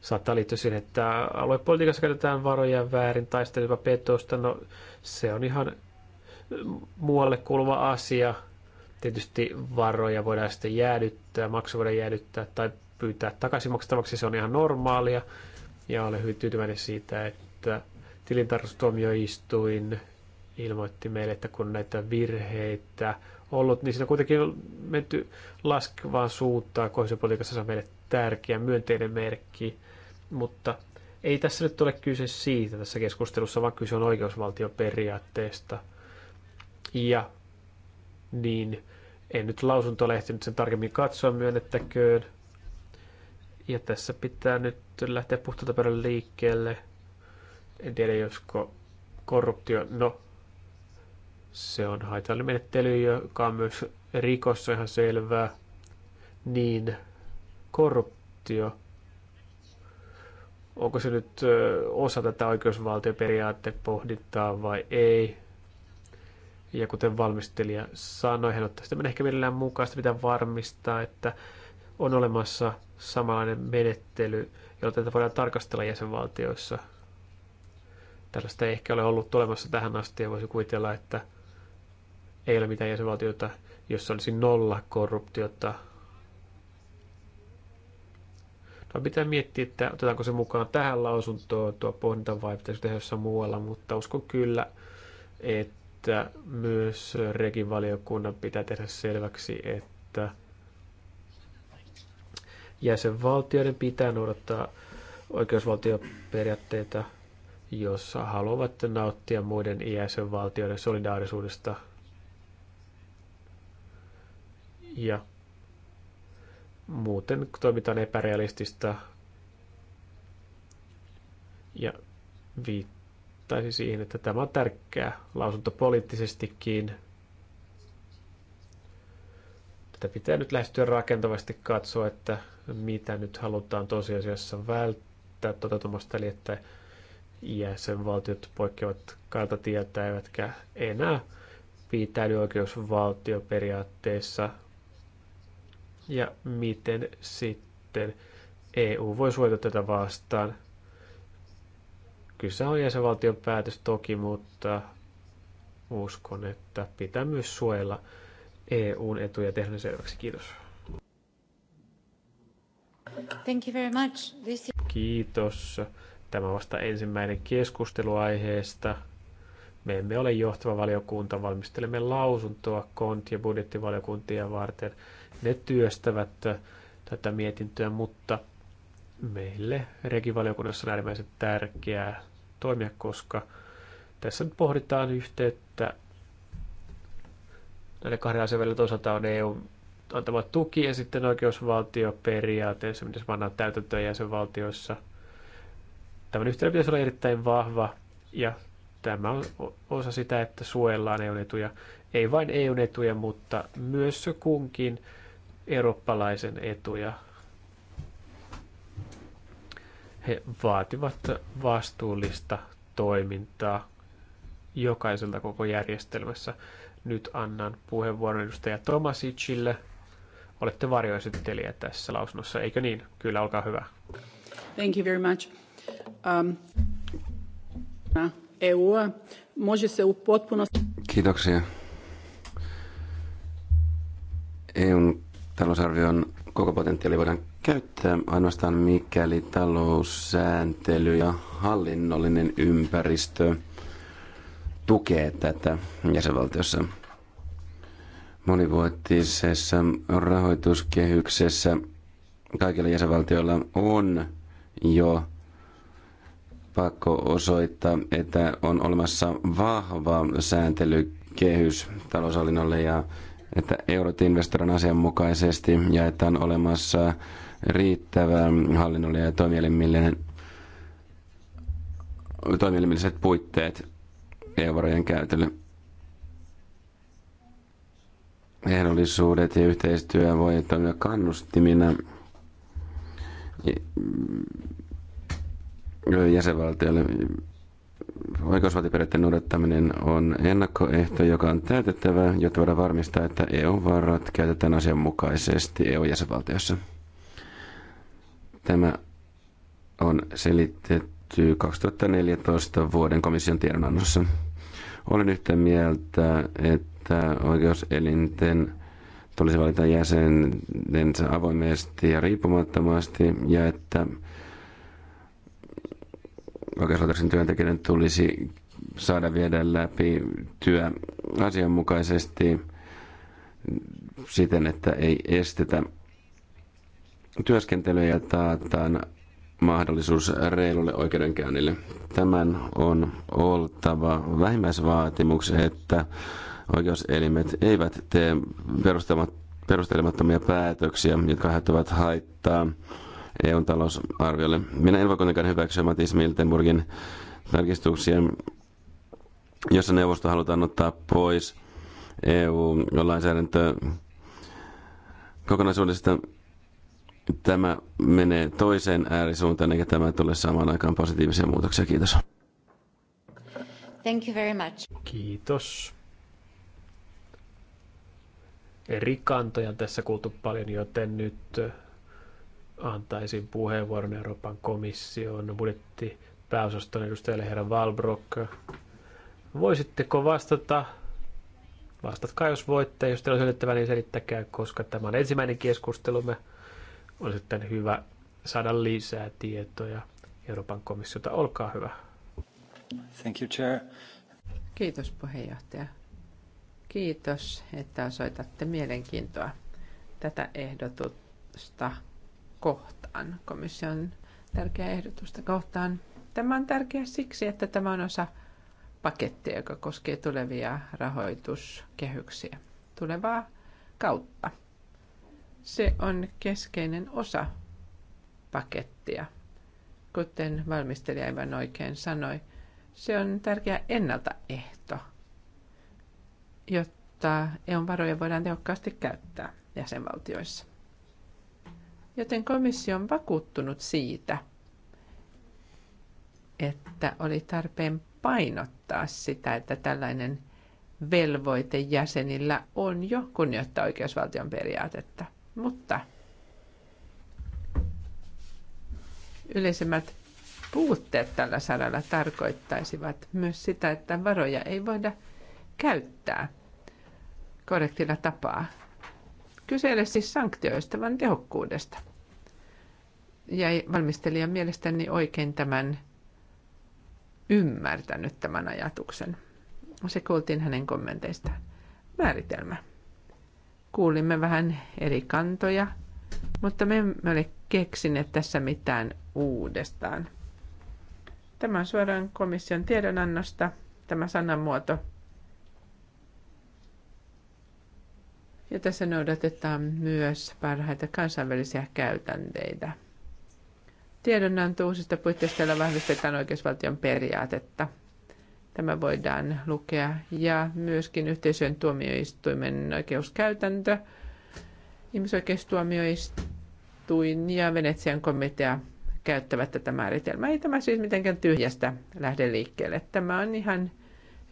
S2: Saattaa liittyä siihen, että aluepolitiikassa käytetään varoja väärin, jopa petosta. No, se on ihan muualle kuuluva asia. Tietysti varoja voidaan sitten jäädyttää, maksu voidaan jäädyttää tai pyytää takaisin maksettavaksi. Se on ihan normaalia. Ja olen hyvin tyytyväinen siitä, että tilintarkastustuomioistuin ilmoitti meille, että kun näitä virheitä ollut, niin siinä on kuitenkin menty laskevaan suuntaan. Kohdistopolitiikassa se on meille tärkeä myönteinen merkki, mutta ei tässä nyt ole kyse siitä tässä keskustelussa, vaan kyse on oikeusvaltioperiaatteesta. Ja niin, en nyt lausuntoa lehtinyt sen tarkemmin katsoa, myönnettäköön. Ja tässä pitää nyt lähteä puhtaalta liikkeelle – en tiedä, josko korruptio, no se on haitallinen menettely, joka on myös rikos, on ihan selvää. Niin korruptio, onko se nyt osa tätä oikeusvaltioperiaatteen pohdintaa vai ei? Ja kuten valmistelija sanoi, hän ottaa sitä ehkä mielellään mukaan, sitä pitää varmistaa, että on olemassa samanlainen menettely, jolla tätä voidaan tarkastella jäsenvaltioissa – Tällaista ei ehkä ole ollut tulemassa tähän asti ja voisi kuvitella, että ei ole mitään jäsenvaltiota, jossa olisi nolla korruptiota. No, pitää miettiä, että otetaanko se mukaan tähän lausuntoon tuo pohdinta vai pitäisikö tehdä jossain muualla, mutta uskon kyllä, että myös regivaliokunnan pitää tehdä selväksi, että jäsenvaltioiden pitää noudattaa oikeusvaltioperiaatteita – jos haluavat nauttia muiden jäsenvaltioiden valtioiden solidaarisuudesta. Ja muuten toimitaan epärealistista ja viittaisi siihen, että tämä on tärkeä lausunto poliittisestikin. Tätä pitää nyt lähestyä rakentavasti katsoa, että mitä nyt halutaan tosiasiassa välttää toteutumasta, eli että jäsenvaltiot poikkeavat kalta tietää, eivätkä enää pitäydy oikeusvaltioperiaatteessa. Ja miten sitten EU voi suojata tätä vastaan? Kyse on jäsenvaltion päätös toki, mutta uskon, että pitää myös suojella EUn etuja tehdä selväksi. Kiitos.
S3: Thank you very much. This...
S2: Kiitos. Tämä vasta ensimmäinen keskustelu aiheesta. Me emme ole johtava valiokunta, valmistelemme lausuntoa kont- ja budjettivaliokuntia varten. Ne työstävät tätä mietintöä, mutta meille regivaliokunnassa on äärimmäisen tärkeää toimia, koska tässä nyt pohditaan yhteyttä näiden kahden asian välillä toisaalta on EU antama tuki ja sitten oikeusvaltioperiaate, se miten se pannaan täytäntöön jäsenvaltioissa – Tämän yhtälö pitäisi olla erittäin vahva ja tämä on osa sitä, että suojellaan eu etuja. Ei vain eu etuja, mutta myös kunkin eurooppalaisen etuja. He vaativat vastuullista toimintaa jokaiselta koko järjestelmässä. Nyt annan puheenvuoron edustaja Tomasicille. Olette varjoesittelijä tässä lausunnossa, eikö niin? Kyllä, olkaa hyvä.
S4: Thank you very much.
S1: EU može se u potpunosti...
S3: Kiitoksia. EUn talousarvion koko potentiaali voidaan käyttää ainoastaan mikäli taloussääntely ja hallinnollinen ympäristö tukee tätä jäsenvaltiossa. Monivuotisessa rahoituskehyksessä kaikilla jäsenvaltioilla on jo pakko osoittaa, että on olemassa vahva sääntelykehys taloushallinnolle ja että eurot investoidaan asianmukaisesti ja että on olemassa riittävä hallinnolle ja toimielimilliset puitteet eurojen käytölle. Ehdollisuudet ja yhteistyö voi toimia kannustimina jäsenvaltioille. Oikeusvaltioperiaatteen noudattaminen on ennakkoehto, joka on täytettävä, jotta voidaan varmistaa, että EU-varat käytetään asianmukaisesti EU-jäsenvaltiossa. Tämä on selitetty 2014 vuoden komission tiedonannossa. Olen yhtä mieltä, että oikeuselinten tulisi valita jäsenensä avoimesti ja riippumattomasti ja että oikeuslaitoksen työntekijöiden tulisi saada viedä läpi työ asianmukaisesti siten, että ei estetä työskentelyä ja taataan mahdollisuus reilulle oikeudenkäynnille. Tämän on oltava vähimmäisvaatimus, että oikeuselimet eivät tee perustelemattomia päätöksiä, jotka aiheuttavat haittaa EUn talousarviolle. Minä en voi kuitenkaan hyväksyä Matis Miltenburgin tarkistuksia, jossa neuvosto halutaan ottaa pois EU-lainsäädäntö kokonaisuudesta. Tämä menee toiseen äärisuuntaan, eikä tämä tule samaan aikaan positiivisia muutoksia. Kiitos.
S2: Thank you very much. Kiitos. Eri kantoja on tässä kuultu paljon, joten nyt antaisin puheenvuoron Euroopan komission budjettipääosaston edustajalle herra Valbrock. Voisitteko vastata? Vastatkaa jos voitte. Jos teillä on selittävää, niin selittäkää, koska tämä on ensimmäinen keskustelumme. On sitten hyvä saada lisää tietoja Euroopan komissiota. Olkaa hyvä. Thank you, Chair.
S1: Kiitos puheenjohtaja. Kiitos, että osoitatte mielenkiintoa tätä ehdotusta kohtaan, komission tärkeä ehdotusta kohtaan. Tämä on tärkeä siksi, että tämä on osa pakettia, joka koskee tulevia rahoituskehyksiä, tulevaa kautta. Se on keskeinen osa pakettia. Kuten valmistelija aivan oikein sanoi, se on tärkeä ennaltaehto, jotta eu varoja voidaan tehokkaasti käyttää jäsenvaltioissa. Joten komissio on vakuuttunut siitä, että oli tarpeen painottaa sitä, että tällainen velvoite jäsenillä on jo kunnioittaa oikeusvaltion periaatetta. Mutta yleisemmät puutteet tällä saralla tarkoittaisivat myös sitä, että varoja ei voida käyttää korrektilla tapaa kysele siis sanktioista, vaan tehokkuudesta. Jäi valmistelijan mielestäni oikein tämän ymmärtänyt tämän ajatuksen. Se kuultiin hänen kommenteistaan. Määritelmä. Kuulimme vähän eri kantoja, mutta me emme ole keksineet tässä mitään uudestaan. Tämä on suoraan komission tiedonannosta, tämä sanamuoto – Ja tässä noudatetaan myös parhaita kansainvälisiä käytänteitä. Tiedonanto uusista puitteista vahvistetaan oikeusvaltion periaatetta. Tämä voidaan lukea. Ja myöskin yhteisön tuomioistuimen oikeuskäytäntö, ihmisoikeustuomioistuin ja Venetsian komitea käyttävät tätä määritelmää. Ei tämä siis mitenkään tyhjästä lähde liikkeelle. Tämä on ihan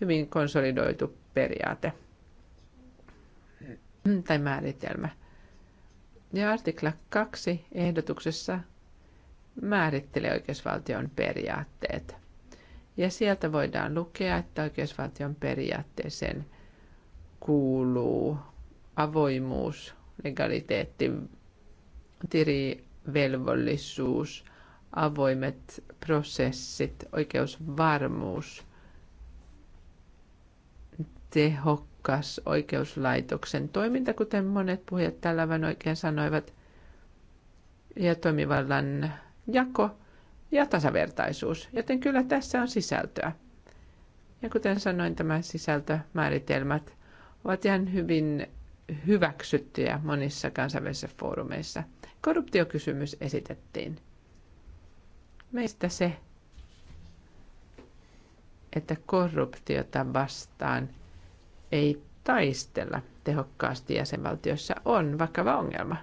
S1: hyvin konsolidoitu periaate tai määritelmä. Ja artikla 2 ehdotuksessa määrittelee oikeusvaltion periaatteet. Ja sieltä voidaan lukea, että oikeusvaltion periaatteeseen kuuluu avoimuus, legaliteetti, tirivelvollisuus, avoimet prosessit, oikeusvarmuus, tehokkuus, tehokas oikeuslaitoksen toiminta, kuten monet puhujat tällä aivan oikein sanoivat, ja toimivallan jako ja tasavertaisuus. Joten kyllä tässä on sisältöä. Ja kuten sanoin, tämä sisältömääritelmät ovat ihan hyvin hyväksyttyjä monissa kansainvälisissä foorumeissa. Korruptiokysymys esitettiin. Meistä se, että korruptiota vastaan – ei taistella tehokkaasti jäsenvaltioissa, on vakava ongelma.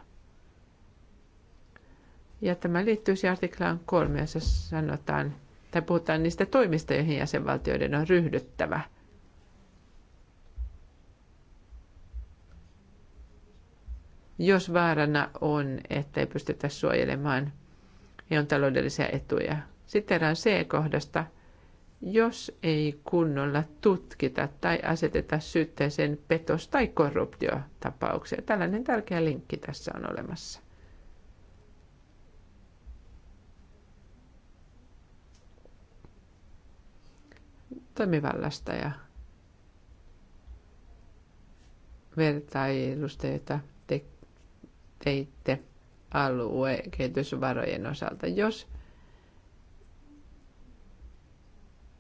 S1: Ja tämä siihen artiklaan kolme, jossa sanotaan, tai puhutaan niistä toimista, joihin jäsenvaltioiden on ryhdyttävä. Jos vaarana on, että ei pystytä suojelemaan EUn niin taloudellisia etuja. Sitten erään C-kohdasta jos ei kunnolla tutkita tai aseteta syytteeseen petos- tai korruptiotapauksia. Tällainen tärkeä linkki tässä on olemassa. Toimivallasta ja vertailusta, jota te teitte kehitysvarojen osalta. Jos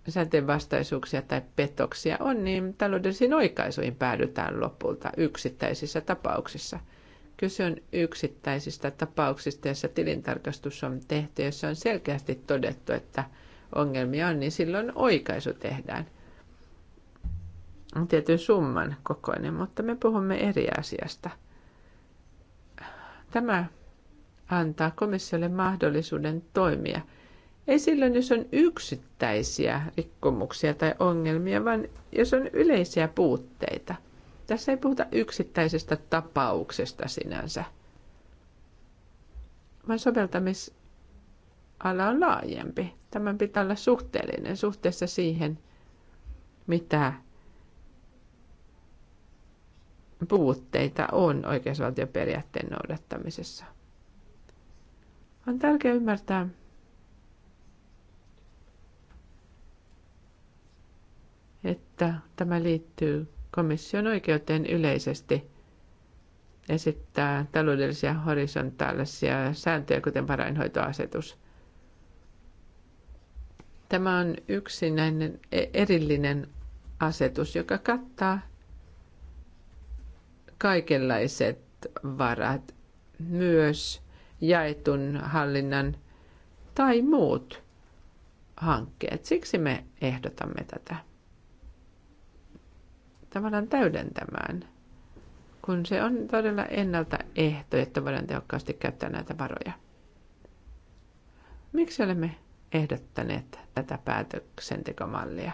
S1: sääntöjen vastaisuuksia tai petoksia on, niin taloudellisiin oikaisuihin päädytään lopulta yksittäisissä tapauksissa. Kyse on yksittäisistä tapauksista, joissa tilintarkastus on tehty, jossa on selkeästi todettu, että ongelmia on, niin silloin oikaisu tehdään. Tietyn summan kokoinen, mutta me puhumme eri asiasta. Tämä antaa komissiolle mahdollisuuden toimia – ei silloin, jos on yksittäisiä rikkomuksia tai ongelmia, vaan jos on yleisiä puutteita. Tässä ei puhuta yksittäisestä tapauksesta sinänsä, vaan soveltamisala on laajempi. Tämän pitää olla suhteellinen suhteessa siihen, mitä puutteita on oikeusvaltioperiaatteen noudattamisessa. On tärkeää ymmärtää, että tämä liittyy komission oikeuteen yleisesti esittää taloudellisia horisontaalisia sääntöjä, kuten varainhoitoasetus. Tämä on yksi näinen e- erillinen asetus, joka kattaa kaikenlaiset varat, myös jaetun hallinnan tai muut hankkeet. Siksi me ehdotamme tätä tavallaan täydentämään, kun se on todella ehto, että voidaan tehokkaasti käyttää näitä varoja. Miksi olemme ehdottaneet tätä päätöksentekomallia?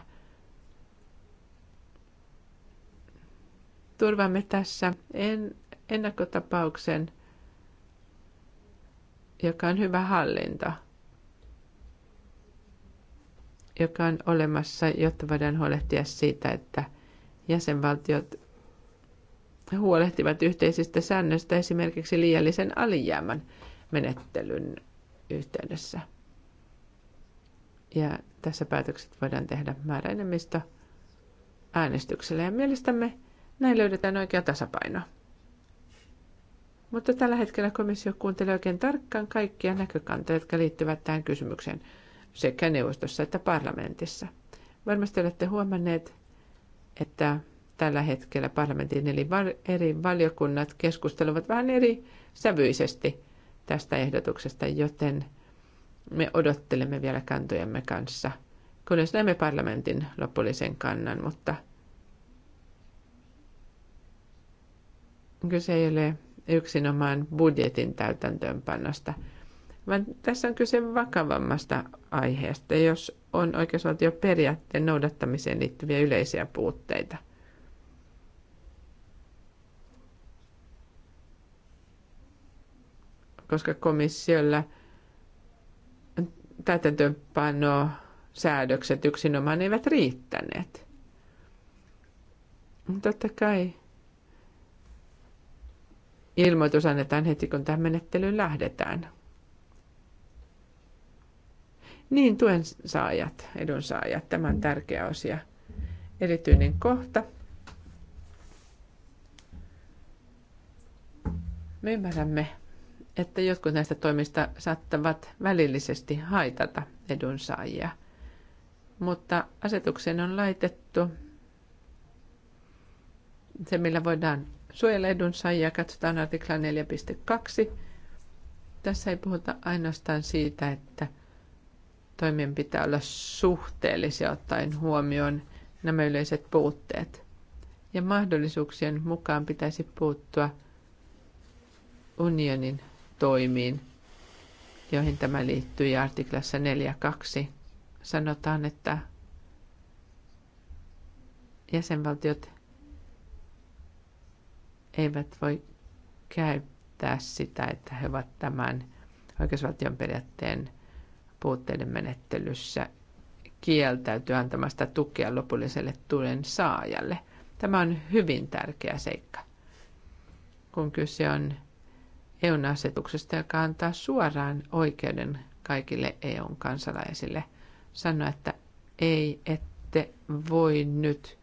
S1: Turvaamme tässä en, ennakkotapauksen, joka on hyvä hallinta joka on olemassa, jotta voidaan huolehtia siitä, että jäsenvaltiot huolehtivat yhteisistä säännöistä esimerkiksi liiallisen alijäämän menettelyn yhteydessä. Ja tässä päätökset voidaan tehdä määräenemmistö äänestyksellä ja mielestämme näin löydetään oikea tasapaino. Mutta tällä hetkellä komissio kuuntelee oikein tarkkaan kaikkia näkökantoja, jotka liittyvät tähän kysymykseen sekä neuvostossa että parlamentissa. Varmasti olette huomanneet, että tällä hetkellä parlamentin eli eri valiokunnat keskustelevat vähän eri sävyisesti tästä ehdotuksesta, joten me odottelemme vielä kantojemme kanssa, kunnes näemme parlamentin lopullisen kannan, mutta kyse ei ole yksinomaan budjetin täytäntöönpanosta, vaan tässä on kyse vakavammasta aiheesta. Jos on oikeusvaltioperiaatteen noudattamiseen liittyviä yleisiä puutteita. Koska komissiolla täytäntöönpano säädökset yksinomaan eivät riittäneet. Totta kai ilmoitus annetaan heti, kun tähän menettelyyn lähdetään. Niin, tuen saajat, edunsaajat, tämä on tärkeä osia. Erityinen kohta. Me ymmärrämme, että jotkut näistä toimista saattavat välillisesti haitata edunsaajia, mutta asetukseen on laitettu se, millä voidaan suojella edunsaajia, katsotaan artikla 4.2. Tässä ei puhuta ainoastaan siitä, että – toimien pitää olla suhteellisia ottaen huomioon nämä yleiset puutteet. Ja mahdollisuuksien mukaan pitäisi puuttua unionin toimiin, joihin tämä liittyy. Ja artiklassa 4.2 sanotaan, että jäsenvaltiot eivät voi käyttää sitä, että he ovat tämän oikeusvaltion periaatteen – puutteiden menettelyssä kieltäytyy antamasta tukea lopulliselle tuen saajalle. Tämä on hyvin tärkeä seikka, kun kyse on EUn asetuksesta, joka antaa suoraan oikeuden kaikille EUn kansalaisille sanoa, että ei, ette voi nyt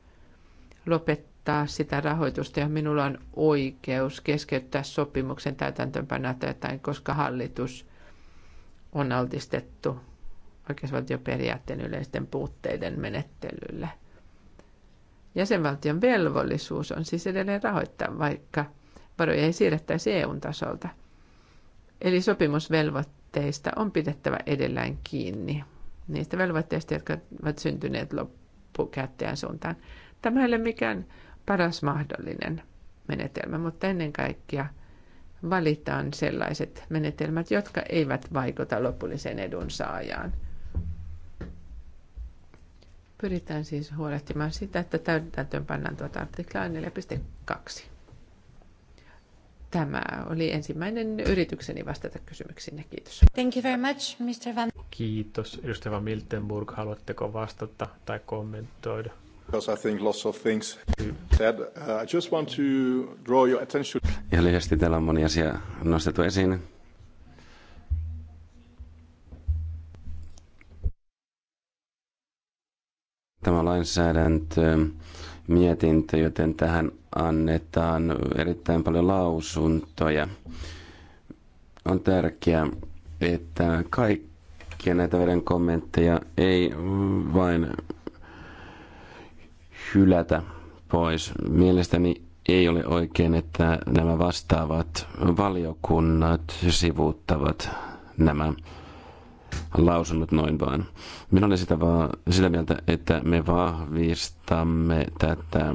S1: lopettaa sitä rahoitusta, ja minulla on oikeus keskeyttää sopimuksen täytäntöönpanoa tai jotain, koska hallitus on altistettu oikeusvaltioperiaatteen yleisten puutteiden menettelylle. Jäsenvaltion velvollisuus on siis edelleen rahoittaa, vaikka varoja ei siirrettäisi EU-tasolta. Eli sopimusvelvoitteista on pidettävä edelleen kiinni. Niistä velvoitteista, jotka ovat syntyneet loppukäyttäjän suuntaan. Tämä ei ole mikään paras mahdollinen menetelmä, mutta ennen kaikkea – valitaan sellaiset menetelmät, jotka eivät vaikuta lopulliseen edunsaajaan. Pyritään siis huolehtimaan sitä, että täytäntöön pannaan tuota artiklaa 4.2. Tämä oli ensimmäinen yritykseni vastata kysymyksiinne. Kiitos. Thank you very much, Mr. Van.
S2: Kiitos. Edustaja Miltenburg, haluatteko vastata tai kommentoida? Because I think lots of
S4: things said. Uh, I just want to draw your attention.
S3: Ihan lyhyesti täällä on moni asia nostettu esiin. Tämä lainsäädäntö mietintö, joten tähän annetaan erittäin paljon lausuntoja. On tärkeää, että kaikkia näitä meidän kommentteja ei vain hylätä pois. Mielestäni ei ole oikein, että nämä vastaavat valiokunnat sivuuttavat nämä lausunnot noin vaan. Minä olen sitä, vaan, sitä mieltä, että me vahvistamme tätä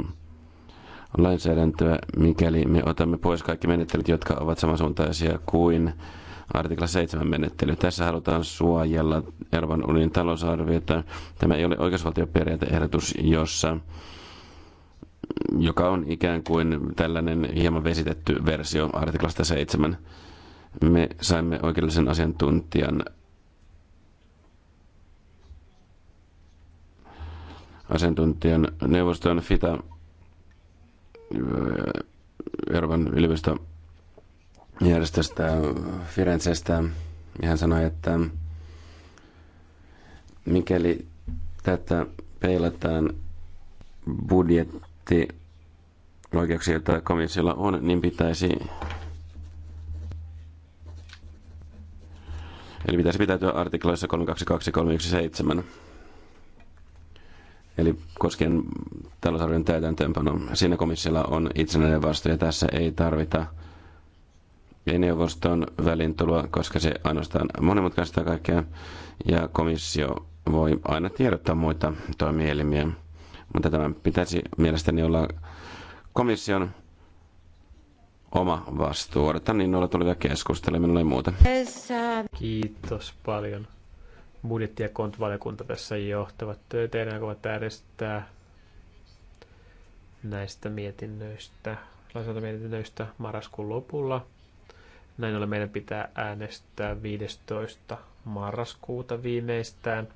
S3: lainsäädäntöä, mikäli me otamme pois kaikki menettelyt, jotka ovat samansuuntaisia kuin artikla 7 menettely. Tässä halutaan suojella Euroopan unionin talousarviota. Tämä ei ole oikeusvaltioperiaateehdotus, jossa joka on ikään kuin tällainen hieman vesitetty versio artiklasta 7. Me saimme oikeudellisen asiantuntijan asiantuntijan neuvoston FITA Euroopan yliopiston järjestöstä Firenzestä. Ja hän sanoi, että mikäli tätä peilataan budjetti oikeuksia, joita komissiolla on, niin pitäisi Eli pitäisi pitäytyä artikloissa 322317. Eli koskien talousarvion täytäntöönpano. Siinä komissiolla on itsenäinen vastuu ja tässä ei tarvita ja neuvoston välintuloa, koska se ainoastaan monimutkaistaa kaikkea ja komissio voi aina tiedottaa muita toimielimiä. Mutta tämän pitäisi mielestäni olla komission oma vastuu. Odotan niin olla tulevia keskusteluja, minulla ei muuta.
S2: Kiitos paljon. Budjetti- ja kontvalikunta tässä johtavat töitä ja ovat äänestää näistä mietinnöistä, lainsäädäntömietinnöistä marraskuun lopulla – näin ollen meidän pitää äänestää 15. marraskuuta viimeistään.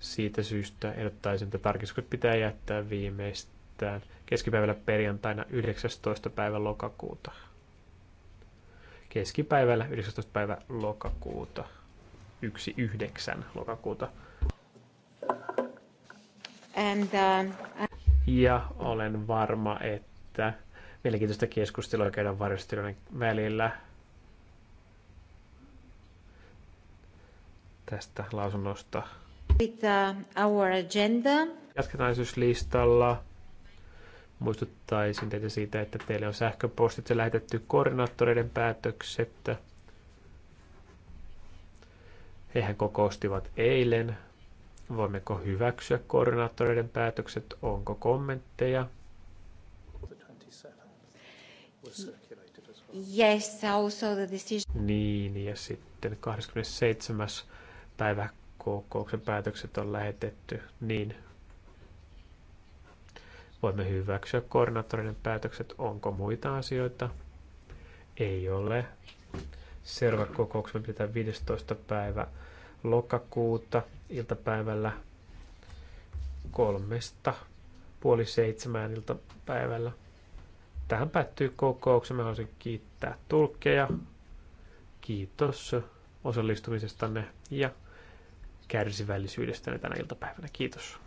S2: Siitä syystä ehdottaisin, että tarkistukset pitää jättää viimeistään keskipäivällä perjantaina 19. päivä lokakuuta. Keskipäivällä 19. päivä lokakuuta. 1.9. lokakuuta.
S4: And, uh,
S2: ja olen varma, että mielenkiintoista keskustelua käydään varjostelijoiden välillä tästä lausunnosta.
S1: With uh, our agenda.
S2: Jatketaan listalla. Muistuttaisin teitä siitä, että teille on sähköpostitse lähetetty koordinaattoreiden päätökset. Hehän kokoustivat eilen. Voimmeko hyväksyä koordinaattoreiden päätökset? Onko kommentteja?
S1: Yes, also the decision.
S2: Niin, ja sitten 27 päiväkokouksen päätökset on lähetetty, niin voimme hyväksyä koordinaattorinen päätökset. Onko muita asioita? Ei ole. Seuraava kokouksen pitää 15. päivä lokakuuta iltapäivällä kolmesta puoli seitsemään iltapäivällä. Tähän päättyy kokouksemme. Haluaisin kiittää tulkkeja. Kiitos osallistumisestanne ja kärsivällisyydestänne tänä iltapäivänä. Kiitos.